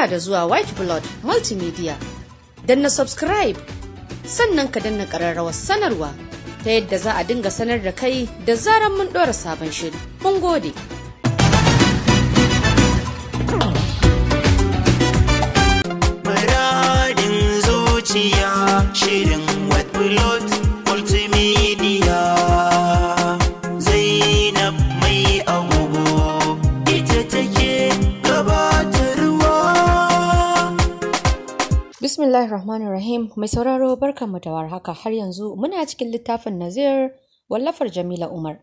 Barka da zuwa White Blood Multimedia. Danna subscribe sannan ka danna ƙararrawar sanarwa ta yadda za a dinga sanar da kai da zaran mun ɗora sabon shiri. Mun gode. Muradin zuciya shirin White Blood ar-Rahman ar Rahim mai sauraro barkan ta da haka. har yanzu muna cikin littafin Nazir wallafar Jamila Umar.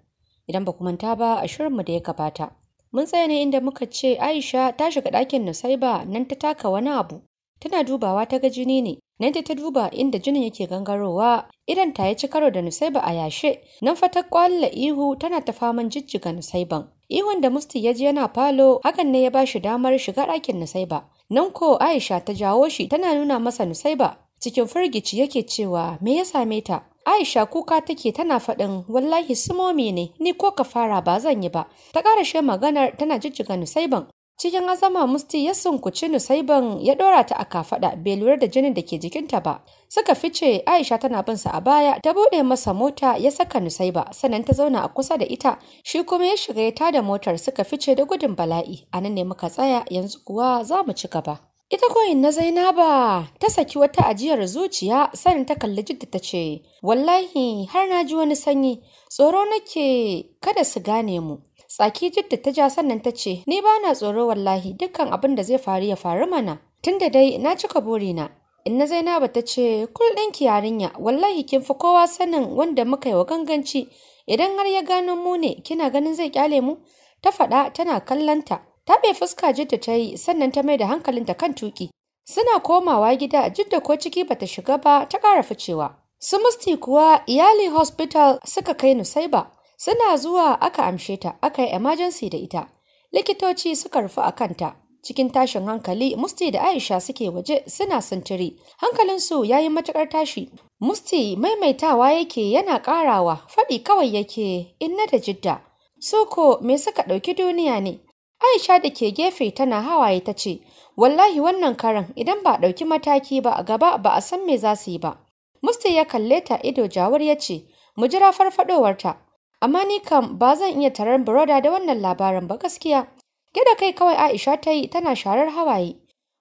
Idan ba manta ba a shirinmu da ya gabata. Mun tsaya ne inda muka ce Aisha ta shiga ɗakin Nusaiba nan ta taka wani abu. Tana dubawa ta ga jini ne. Nan ta duba inda jinin yake gangarowa idan ta ya ci karo da Nusaiba a yashe. Nan fa ta kwalla ihu tana ta faman jijjiga Nusaiban. Ihun da Musti ya ji yana falo hakan ne ya ba shi damar shiga ɗakin Nusaiba. nan ko aisha ta jawo shi tana nuna masa nusaiba cikin firgici yake cewa me ya same ta Aisha kuka take tana faɗin wallahi sumomi ne ni ko ka fara ba zan yi ba ta ƙarashe maganar tana jijjiga nusaiban Cikin azama musti ya sunkuci Nusaiban ya dora ta a kafaɗa bai lura da jinin da ke jikinta ba. Suka fice Aisha tana bin sa a baya ta buɗe masa mota ya saka Nusaiba sannan ta zauna a kusa da ita shi kuma ya shiga ya tada motar suka fice da gudun bala'i a nan ne muka tsaya yanzu kuwa za mu ci gaba. Ita koyin na Zainaba ta saki wata ajiyar zuciya sanin ta kalli jidda ta ce wallahi har na ji wani sanyi tsoro nake kada su gane mu Tsaki jidda ta ja sannan ta ce, Ni ba na tsoro wallahi dukkan abin da zai faru ya faru mana. Tun da dai na cika burina. Inna Zainaba ta ce, Kul ɗinki yarinya, wallahi kin fi kowa sanin wanda muka yi wa ganganci. Idan har ya gano mu ne, kina ganin zai kyale mu? Ta faɗa tana kallanta. Ta bai fuska jidda ta yi sannan ta mai da hankalinta kan tuki. Suna komawa gida jidda ko ciki bata shiga ba ta ƙara ficewa. Su musti kuwa iyali hospital suka kai Nusaiba. Suna zuwa aka amshe ta, aka yi emergency da ita. Likitoci suka rufe a kanta. Cikin tashin hankali, Musti da Aisha suke waje suna sintiri. Hankalinsu ya yi matuƙar tashi. Musti maimaitawa yake yana ƙarawa, faɗi kawai yake inna da jidda. Soko me suka ɗauki duniya ne? Aisha da ke gefe tana hawaye ta ce, Wallahi wannan karan idan ba ɗauki mataki ba a gaba ba a san me za su yi ba. Musti ya kalle ta ido jawar ya ce, Mu jira farfadowarta, Amma ni kam ba zan iya tarar Baroda da wannan labarin ba gaskiya. Gida kai kawai Aisha ta yi tana sharar hawaye.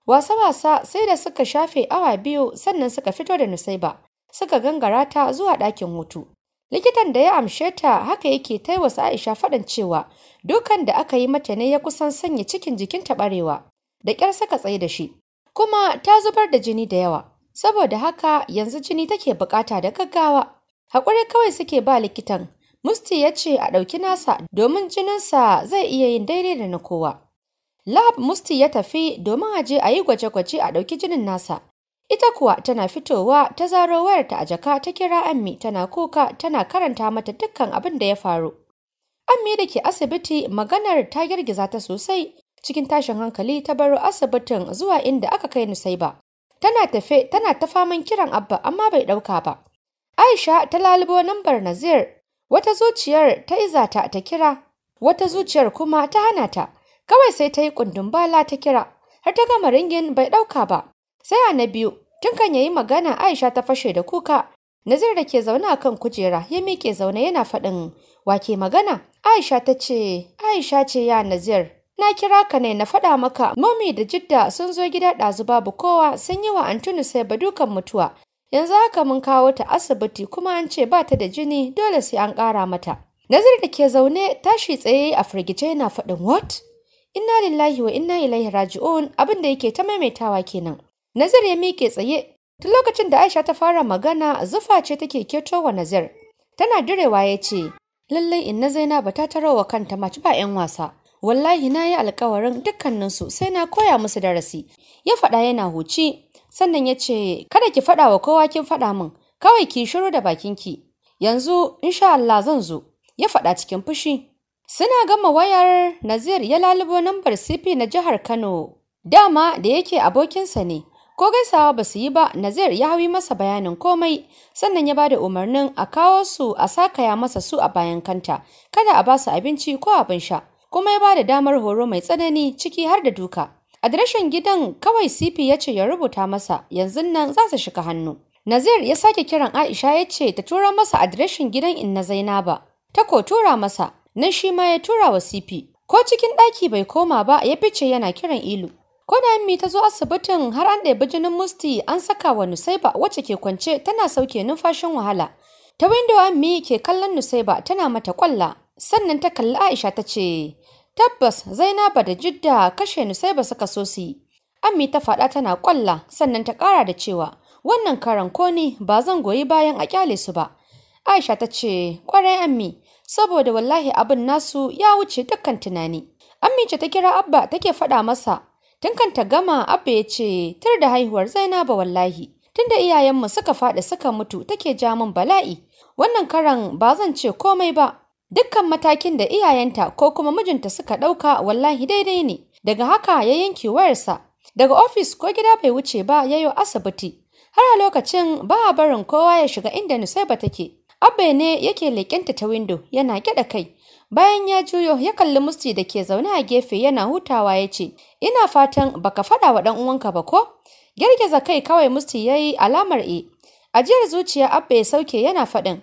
Wasa-wasa sai da suka shafe awa biyu sannan suka fito da Nusaiba. Suka gangara ta zuwa ɗakin hutu. Likitan da ya amshe ta haka yake ta wasu Aisha faɗin cewa dukan da aka yi mata ne ya kusan sanya cikin jikinta ɓarewa. Da kyar suka tsaye da shi. Kuma ta zubar da jini da yawa. Saboda haka yanzu jini take buƙata da gaggawa. Haƙuri kawai suke ba likitan Musti ya ce a ɗauki nasa domin jininsa zai iya yin daidai da na kowa. Lab Musti ya tafi domin a je a yi gwaje-gwaje a ɗauki jinin nasa. Ita kuwa tana fitowa ta zaro wayarta a jaka ta kira Ammi tana kuka tana karanta mata dukkan abin da ya faru. Ammi da ke asibiti maganar ta girgiza ta sosai cikin tashin hankali ta baro asibitin zuwa inda aka kai Nusaiba. Tana tafe tana ta faman kiran Abba amma bai ɗauka ba. Aisha ta lalubo lambar Nazir wata zuciyar ta izata ta kira wata zuciyar kuma ta hana ta kawai sai ta yi bala ta kira har ta gama ringin bai ɗauka ba sai a na biyu tun kan yayi magana aisha ta fashe da kuka nazir da ke zaune a kan kujera ya miƙe zaune yana faɗin wake magana aisha ta ce aisha ce ya nazir na kira ka ne na faɗa maka momi da jidda sun zo gida ɗazu babu kowa sun yi wa antunu sai ba dukan mutuwa yanzu haka mun kawo ta asibiti kuma an ce ba ta da jini dole sai an ƙara mata nazar da ke zaune tashi tsaye a firgice yana faɗin what inna lillahi wa inna ilaihi raji'un abin da yake ta maimaitawa kenan nazar ya miƙe tsaye tun lokacin da aisha ta fara magana zufa ce take keto wa nazar tana direwa ya ce lallai inna ba ta tarawa kanta mace ba 'yan wasa wallahi na yi alkawarin dukkaninsu sai na koya musu darasi ya faɗa yana huci sannan ya ce kada ki faɗa wa kowa kin faɗa min kawai ki shiru da bakinki yanzu insha Allah zan zo ya faɗa cikin fushi suna gama wayar Nazir ya lalubo lambar CP na jihar Kano dama da yake abokinsa ne ko gaisawa ba su yi ba Nazir ya hawi masa bayanin komai sannan ya bada umarnin a kawo su a sakaya masa su a bayan kanta kada a ba su abinci ko abin sha kuma ya bada damar horo mai tsanani ciki har da duka adireshin gidan kawai cp ya ce ya rubuta masa yanzu nan za su shiga hannu nazir ya sake kiran aisha ya ce ta tura masa adireshin gidan in inna zainaba ta ko tura masa nan shi ma ya tura wa cp ko cikin ɗaki bai koma ba ya fice yana kiran ilu ko da ammi ta zo asibitin har an ɗebi jinin musti an saka wa nusaiba wacce ke kwance tana sauke numfashin wahala ta windo ammi ke kallon nusaiba tana mata kwalla sannan ta kalli aisha ta ce Tabbas Zainaba da Jidda kashe ni sai ba suka so su yi. Ammi ta faɗa tana ƙwalla sannan ta ƙara da cewa wannan karan ko ni ba zan goyi bayan a ƙyale su ba. Aisha ta ce ƙwarai Ammi saboda wallahi abin nasu ya wuce dukkan tunani. Ammi ce ta kira Abba take faɗa masa tun kan ta gama Abba ya ce tar da haihuwar Zainaba wallahi. Tunda iyayenmu suka faɗi suka mutu take ja min bala'i. Wannan karan ba zan ce komai ba Dukkan matakin da iyayenta ko kuma mijinta suka ɗauka wallahi daidai ne, daga haka ya yanke wayarsa. Daga ofis ko gida bai wuce ba ya yi asibiti, har a lokacin ba a barin kowa ya shiga inda Nusaiba take. Abba ne yake leƙenta ta windo yana gyaɗa kai. Bayan ya juyo ya kalli Musti da ke zaune a gefe yana hutawa ya ce, Ina fatan baka faɗa wa ɗan uwanka ba ko? Girgiza kai kawai Musti ya yi alamar e. Ajiyar zuciya Abba ya sauke yana faɗin,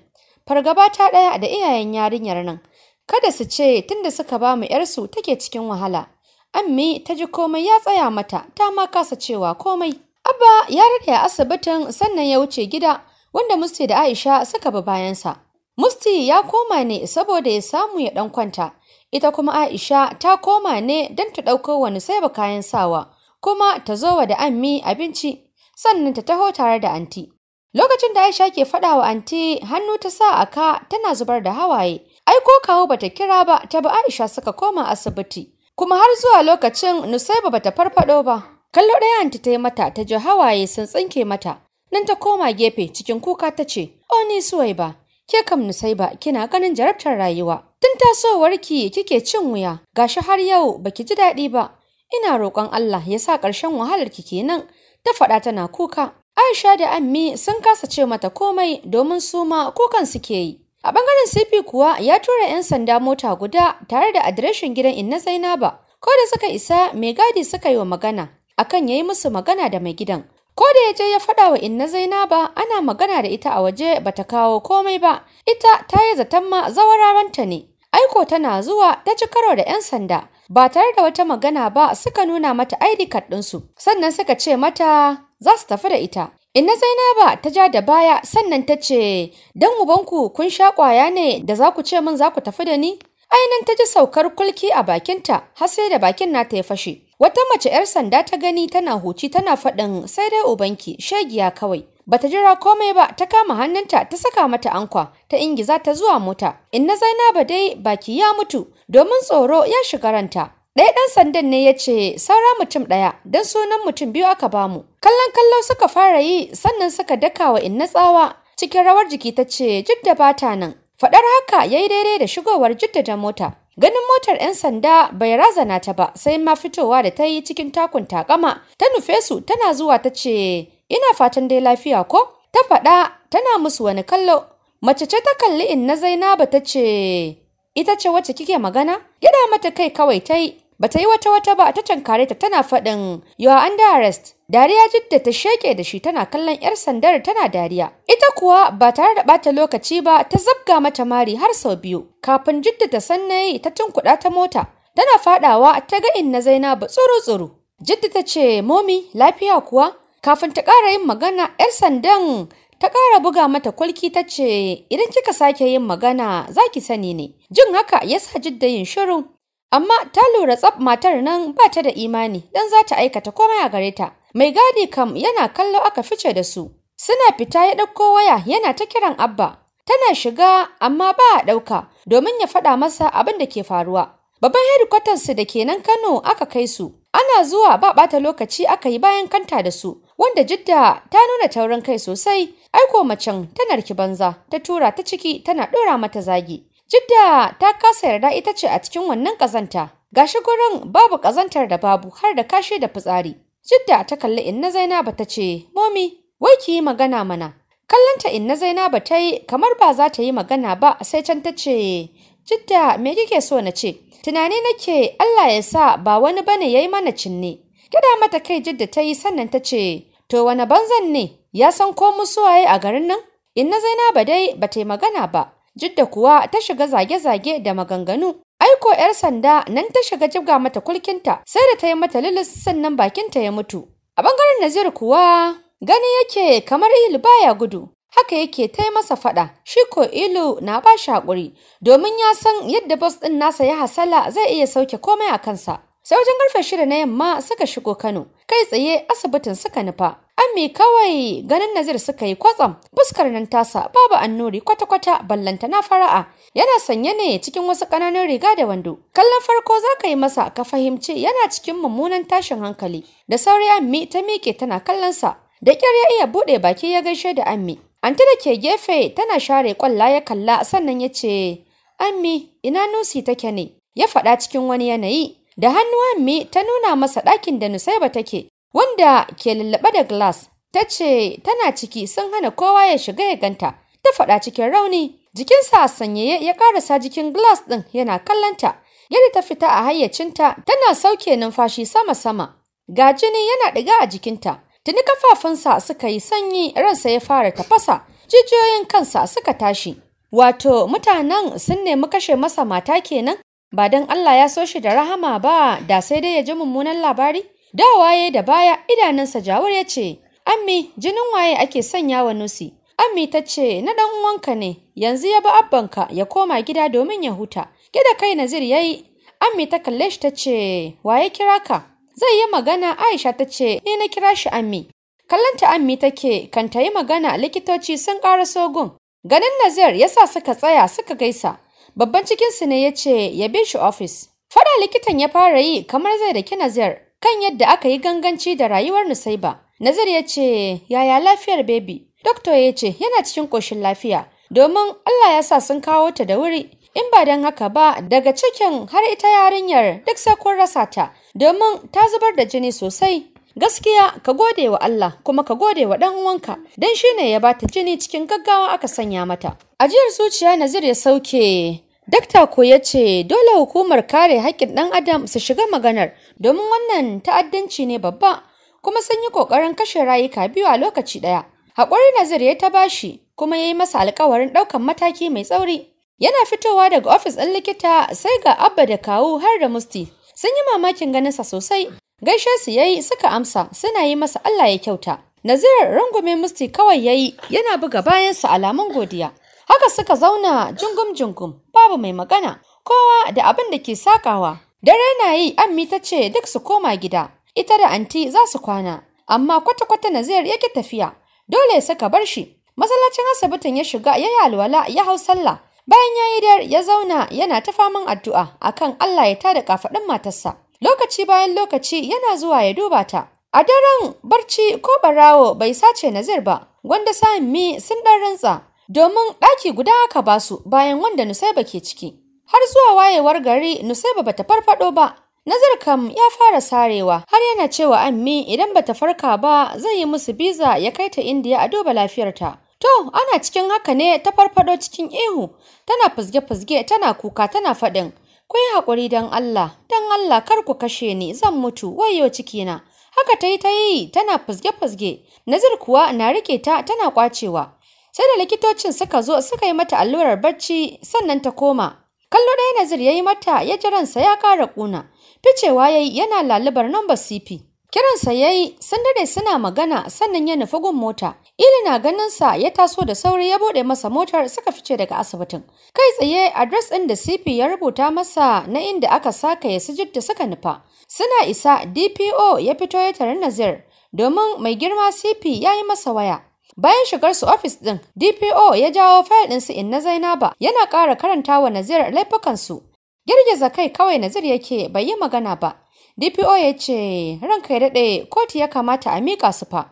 fargaba ta ɗaya da iyayen yarinyar nan kada su ce tunda suka ba mu yarsu take cikin wahala ammi ta ji komai ya tsaya mata ta ma kasa cewa komai abba ya rade a asibitin sannan ya wuce gida wanda musti da aisha suka bi bayansa musti ya koma ne saboda ya samu ya ɗan kwanta ita kuma aisha ta koma ne don ta ɗauko wani sai kayan sawa kuma ta zo wa da ammi abinci sannan ta taho tare da anti Lokacin da Aisha ke faɗa wa anti hannu ta sa a ka tana zubar da hawaye. Ai ko kawo bata kira ba ta bi Aisha suka koma asibiti. Kuma har zuwa lokacin Nusaiba bata farfado ba. Kallo ɗaya anti ta yi mata ta ji hawaye sun tsinke mata. Nan ta koma gefe cikin kuka ta ce, "O ni Suwaiba, ke kam Nusaiba kina ganin jarabtar rayuwa. Tun tasowarki kike cin wuya, gashi har yau baki ji daɗi ba. Ina roƙon Allah ya sa ƙarshen wahalar ki kenan." Ta faɗa tana kuka. Aisha da Ammi sun kasa ce mata komai domin su ma kukan suke yi. A bangaren CP kuwa ya tura 'yan sanda mota guda tare da adireshin gidan Inna Zainaba. Ko da suka isa mai gadi suka yi wa magana akan ya yi musu magana da mai gidan. Ko da ya je ya faɗa wa Inna Zainaba ana magana da ita a waje ba ta kawo komai ba. Ita ta yi zaton ma zawararanta ne. Aiko tana zuwa ta ci karo da 'yan sanda ba tare da wata magana ba suka nuna mata ID card ɗinsu. Sannan suka ce mata za su tafi da ita. Inna Zainaba ta ja da baya sannan ta ce, "Dan ubanku kun sha ƙwaya ne da za ku ce min za ku tafi da ni?" Ainin ta ji saukar kulki a bakinta har sai da bakin nata ya fashe. Wata mace 'yar sanda ta gani tana huci tana faɗin sai dai ubanki shegiya kawai. Bata jira komai ba ta kama hannunta ta saka mata ankwa ta ingiza ta zuwa mota. Inna Zainaba dai baki ya mutu domin tsoro ya shiga ranta. Ɗaya ɗan sandan ne ya ce saura mutum ɗaya don sunan mutum biyu aka bamu. Kallon kallo suka fara yi sannan suka daka wa inna tsawa cikin rawar jiki ta ce jidda bata nan. Faɗar haka ya yi daidai da shigowar jidda da mota. Ganin motar 'yan sanda bai razana ta ba sai ma fitowa da ta yi cikin takun takama ta nufe su tana zuwa ta ce ina fatan dai lafiya ko? Ta faɗa tana musu wani kallo. Mace ce ta kalli inna Zainaba ta ce ita ce wacce kike magana? Gida mata kai kawai ta yi Ba ta yi wata wata ba ta cankare ta tana faɗin you are under arrest. Dariya jidda ta sheke da shi tana kallon 'yar sandar tana dariya. Ita kuwa ba tare da bata lokaci ba ta zabga mata mari har sau biyu. Kafin jidda ta sannayi ta tunkuɗa ta mota. Tana faɗawa ta ga inna Zainabu tsuru-tsuru. Jidda ta ce momi lafiya kuwa. Kafin ta ƙara yin magana 'yar sandan ta ƙara buga mata kulki ta ce idan kika sake yin magana za ki sani ne. Jin haka ya sa jidda yin shiru. Amma ta lura tsab matar nan ba ta da imani don za ta aikata komai a gare ta. Mai gadi kam yana kallo aka fice da su. Suna fita ya ɗauko waya yana ta kiran Abba. Tana shiga amma ba a ɗauka domin ya faɗa masa abin da ke faruwa. Babban su da ke nan Kano aka kai su. Ana zuwa ba ɓata lokaci aka yi bayan kanta da su, wanda Jidda ta nuna taurin kai sosai, aiko macen tana banza ta tura ta ciki tana ɗora mata zagi. Jidda ta kasa yarda ita ce a cikin wannan kazanta. Gashi gurin babu kazantar da babu har da kashe da fitsari. Jidda ta kalli inna Zainaba ta ce, Momi, wai ki yi magana mana. Kallonta inna Zainaba ta yi kamar ba za ta yi magana ba sai can ta ce, Jidda me kike so na ce? Tunani nake Allah ya sa ba wani bane ya yi mana cinne. Kida mata kai Jidda ta yi sannan ta ce, To wani banzan ne, ya san ko musuwaye a garin nan? Inna Zainaba dai ba ta yi magana ba, Jidda kuwa ta shiga zage-zage da maganganu. Aiko 'yar sanda nan ta shiga jibga mata kulkinta sai da ta yi mata lilis sannan bakinta ya mutu. A bangaren Nazir kuwa gani yake kamar ilu baya gudu. Haka yake ta yi masa faɗa, shi ko ilu na ba shi haƙuri, domin ya san yadda bas ɗin nasa ya hasala zai iya sauke komai a kansa. Sai wajen ƙarfe shida na yamma suka shigo Kano, kai tsaye asibitin suka nufa. Ami kawai ganin Nazir suka yi kwatsam, fuskar nan tasa babu annuri kwata-kwata ballanta na fara'a. Yana sanye ne cikin wasu ƙananan riga da wando. Kallon farko za ka yi masa ka fahimci yana cikin mummunan tashin hankali. Da sauri Ami ta miƙe tana kallonsa. Da kyar ya iya buɗe baki ya gaishe da Ami. Anta da ke gefe tana share ƙwalla ya kalla sannan ya ce, "Ami, ina Nusi take ne? Ya faɗa cikin wani yanayi. Da hannu Ammi ta nuna masa ɗakin da Nusaiba take, wanda ke lallaɓe da glass ta ce tana ciki sun hana kowa ya shiga ya ganta ta faɗa cikin rauni jikinsa a sanyaye ya ƙarasa jikin glass ɗin yana kallonta yadda ta fita a hayyacinta tana sauke numfashi sama-sama ga jini yana ɗiga a jikinta tuni kafafunsa suka yi sanyi ransa ya fara tafasa jijiyoyin kansa suka tashi wato mutanen sun nemi kashe masa mata kenan ba don Allah ya so shi da rahama ba da sai dai ya ji mummunan labari da waye da baya idanunsa jawar ya ce ammi jinin waye ake sanya wa nusi ammi ta ce na dan uwanka ne yanzu ya bi abbanka ya koma gida domin ya huta gida kai nazir yi." ammi ta kalle shi ta ce waye kira ka zai yi magana aisha ta ce ni na kira shi ammi kallanta ammi take kan ta yi magana likitoci sun kara sogun ganin nazir ya sa suka tsaya suka gaisa babban cikinsu ne ya ce ya bi shi ofis fada likitan ya fara yi kamar zai da ki nazir kan yadda aka yi ganganci da rayuwar Nusaiba. Nazir ya ce, yaya lafiyar bebi? Doktor ya ce, yana cikin ƙoshin lafiya, domin Allah ya sa sun kawo ta da wuri. In ba don haka ba, daga cikin har ita yarinyar duk sai kun rasa ta, domin ta zubar da jini sosai. Gaskiya ka gode wa Allah kuma ka gode wa ɗan uwanka, don shi ne ya ba ta jini cikin gaggawa aka sanya mata. Ajiyar zuciya Nazir ya sauke Dakta ko ya ce dole hukumar kare haƙƙin ɗan adam su shiga maganar domin wannan ta'addanci ne babba kuma sun yi ƙoƙarin kashe rayuka biyu a lokaci ɗaya. Haƙuri Nazir ya ta bashi kuma ya yi masa alƙawarin ɗaukan mataki mai tsauri. Yana fitowa daga ofis ɗin likita sai ga Abba da Kawu har da Musti. Sun yi mamakin ganinsa sosai. Gaishe su ya yi suka amsa suna yi masa Allah ya kyauta. Nazir rungume Musti kawai ya yi, yana buga bayansa alamun godiya. Haka suka zauna jungum jungum babu mai magana kowa da abin da ke sakawa. Dare na yi ammi ta ce duk su koma gida, ita da anti za su kwana, amma kwata-kwata Nazir yake tafiya, dole suka bar shi. Masallacin asibitin ya shiga ya yi alwala ya hau sallah. Bayan ya yi dar ya zauna yana ta faman addu'a akan Allah ya tada kafaɗin matarsa. Lokaci bayan lokaci yana zuwa ya duba ta. A daren barci ko barawo bai sace Nazir ba, gwanda sami sun ɗan rantsa, domin ɗaki guda aka basu bayan wanda Nusaiba ke ciki. har zuwa wayewar gari Nusaiba bata farfado ba Nazar kam ya fara sarewa har yana cewa ammi idan bata farka ba zai yi musu biza ya kai ta indiya a duba lafiyarta to ana cikin haka ne ta farfado cikin ihu tana fuzge-fuzge tana kuka tana faɗin ku yi haƙuri don Allah don Allah kar ku kashe ni zan mutu wayo cikina haka ta yi ta yi tana fuzge-fuzge Nazir kuwa na rike ta tana kwacewa sai da likitocin suka zo suka yi mata allurar bacci sannan ta koma kallo ɗaya nazir ya yi mata ya ji ransa ya kara ƙuna. ficewa ya yi yana lalubar nomba cp kiransa ya yi sun dade suna magana sannan ya nufi gun mota ili na ganinsa ya taso da sauri ya bude masa motar suka fice daga asibitin kai tsaye adres ɗin da cp ya rubuta masa na inda aka saka ya sujid da suka nufa suna isa dpo ya fito ya tare nazir domin mai girma cp ya yi masa waya Bayan shigar su ofis ɗin, DPO ya jawo fayil ɗinsu su Inna Zainaba yana ƙara karanta wa Nazir laifukan su. Girgiza kai kawai Nazir yake bai yi magana ba. DPO ya ce, ranka ya daɗe kotu ya kamata a miƙa su fa.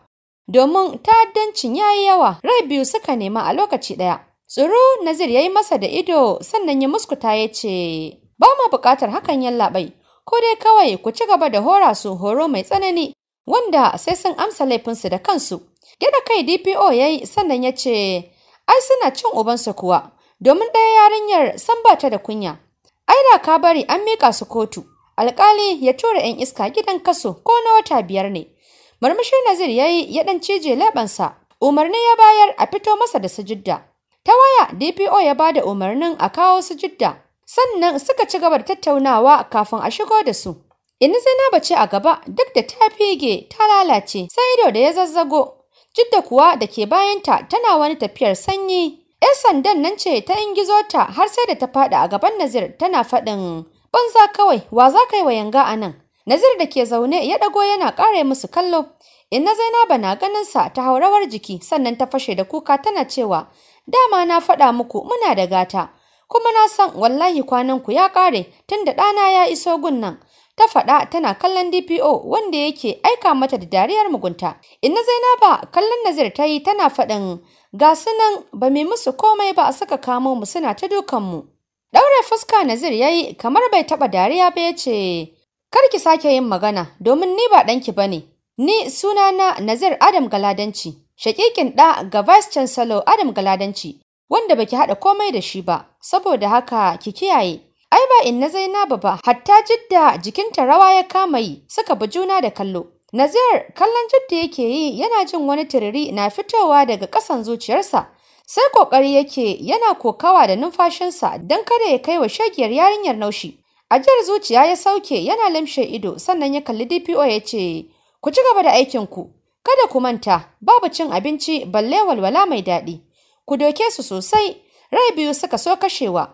Domin ta'addancin ya yi yawa, rai biyu suka nema a lokaci ɗaya. Tsoro Nazir ya yi masa da ido sannan ya muskuta ya ce, ba ma buƙatar hakan yallaɓai, ko dai kawai ku ci gaba da hora su horo mai tsanani, wanda sai sun amsa laifinsu da kansu. Gida kai DPO ya yi sannan ya ce, Ai suna cin ubansa kuwa, domin ɗaya yarinyar san ba ta da kunya. Ai da ka bari an miƙa su kotu. Alƙali ya tura 'yan iska gidan kaso ko na wata biyar ne. Murmushi Nazir ya yi ya ɗan cije leɓensa. Umarni ya bayar a fito masa da sujidda. Ta waya DPO ya ba da umarnin a kawo sujidda. Sannan suka ci gaba da tattaunawa kafin a shigo da su. Ina na bace a gaba duk da ta fige ta lalace sai ido da ya zazzago Jidda kuwa da ke bayanta tana wani tafiyar sanyi. ‘Yar sandan nan ce ta ingizo ta har sai da ta faɗa a gaban Nazir tana faɗin banza kawai wa za ka yi wa yanga a nan. Nazir da ke zaune ya ɗago yana ƙara musu kallo. Inna Zainaba na ganin sa ta haurawar jiki sannan ta fashe da kuka tana cewa dama na faɗa muku muna da gata kuma na san wallahi kwanan ku ya ƙare tunda ɗana ya iso gun nan. ta faɗa tana kallon DPO wanda yake aika mata da dariyar mugunta. Inna Zainaba kallon Nazir ta yi tana faɗin ga sunan ba mai musu komai ba a saka kamo mu suna ta mu Ɗaure fuska Nazir ya yi kamar bai taɓa dariya ba ya ce, Kar ki sake yin magana domin ni ba ɗanki ba ne. Ni na Nazir Adam Galadanci, shakikin ɗa ga Vice Chancellor Adam Galadanci, wanda baki haɗa komai da shi ba, saboda haka ki kiyaye. ai ba inna Zainabu ba hatta Jidda jikinta rawa ya kama yi suka bi juna da kallo Nazir kallon Jidda yake yi yana jin wani tiriri na fitowa daga ƙasan zuciyarsa sai kokari yake yana kokawa da numfashinsa dan kada ya kaiwa wa shagiyar yarinyar naushi ajiyar zuciya ya sauke yana lamshe ido sannan ya kalli DPO ya ce ku ci gaba da aikin ku kada ku manta babu cin abinci balle walwala mai daɗi ku doke su sosai rai biyu suka so kashewa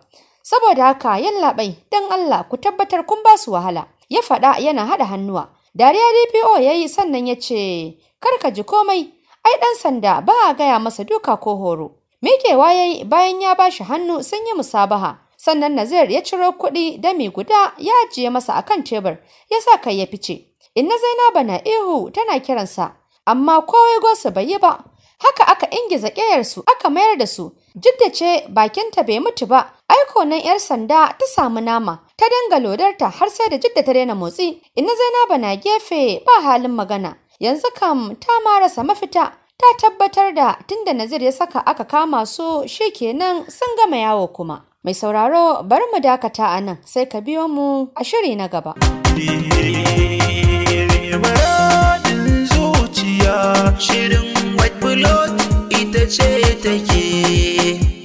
saboda haka yallaɓai don Allah ku tabbatar kun ba su wahala ya faɗa yana haɗa hannuwa dariya DPO ya yi sannan ya ce kar ka ji komai ai ɗan sanda ba a gaya masa duka ko horo mikewa ya yi bayan ya ba shi hannu sun yi musabaha sannan Nazir ya ciro kuɗi dami guda ya ajiye masa akan tebur ya sa kai ya fice inna Zainaba na ihu tana kiransa amma kowai gosu bai yi ba haka aka ingiza ƙeyarsu aka mayar da su duk ce bakinta bai mutu ba nan 'yar sanda ta samu nama, ta danga lodarta har sai da jidda ta daina motsi, ina Zainaba na gefe ba halin magana. Yanzu kam ta marasa mafita, ta tabbatar da tunda Nazir ya saka aka kama su shi kenan sun gama yawo kuma. Mai sauraro bari mu dakata a nan sai ka biyo mu a shiri na gaba. Shirin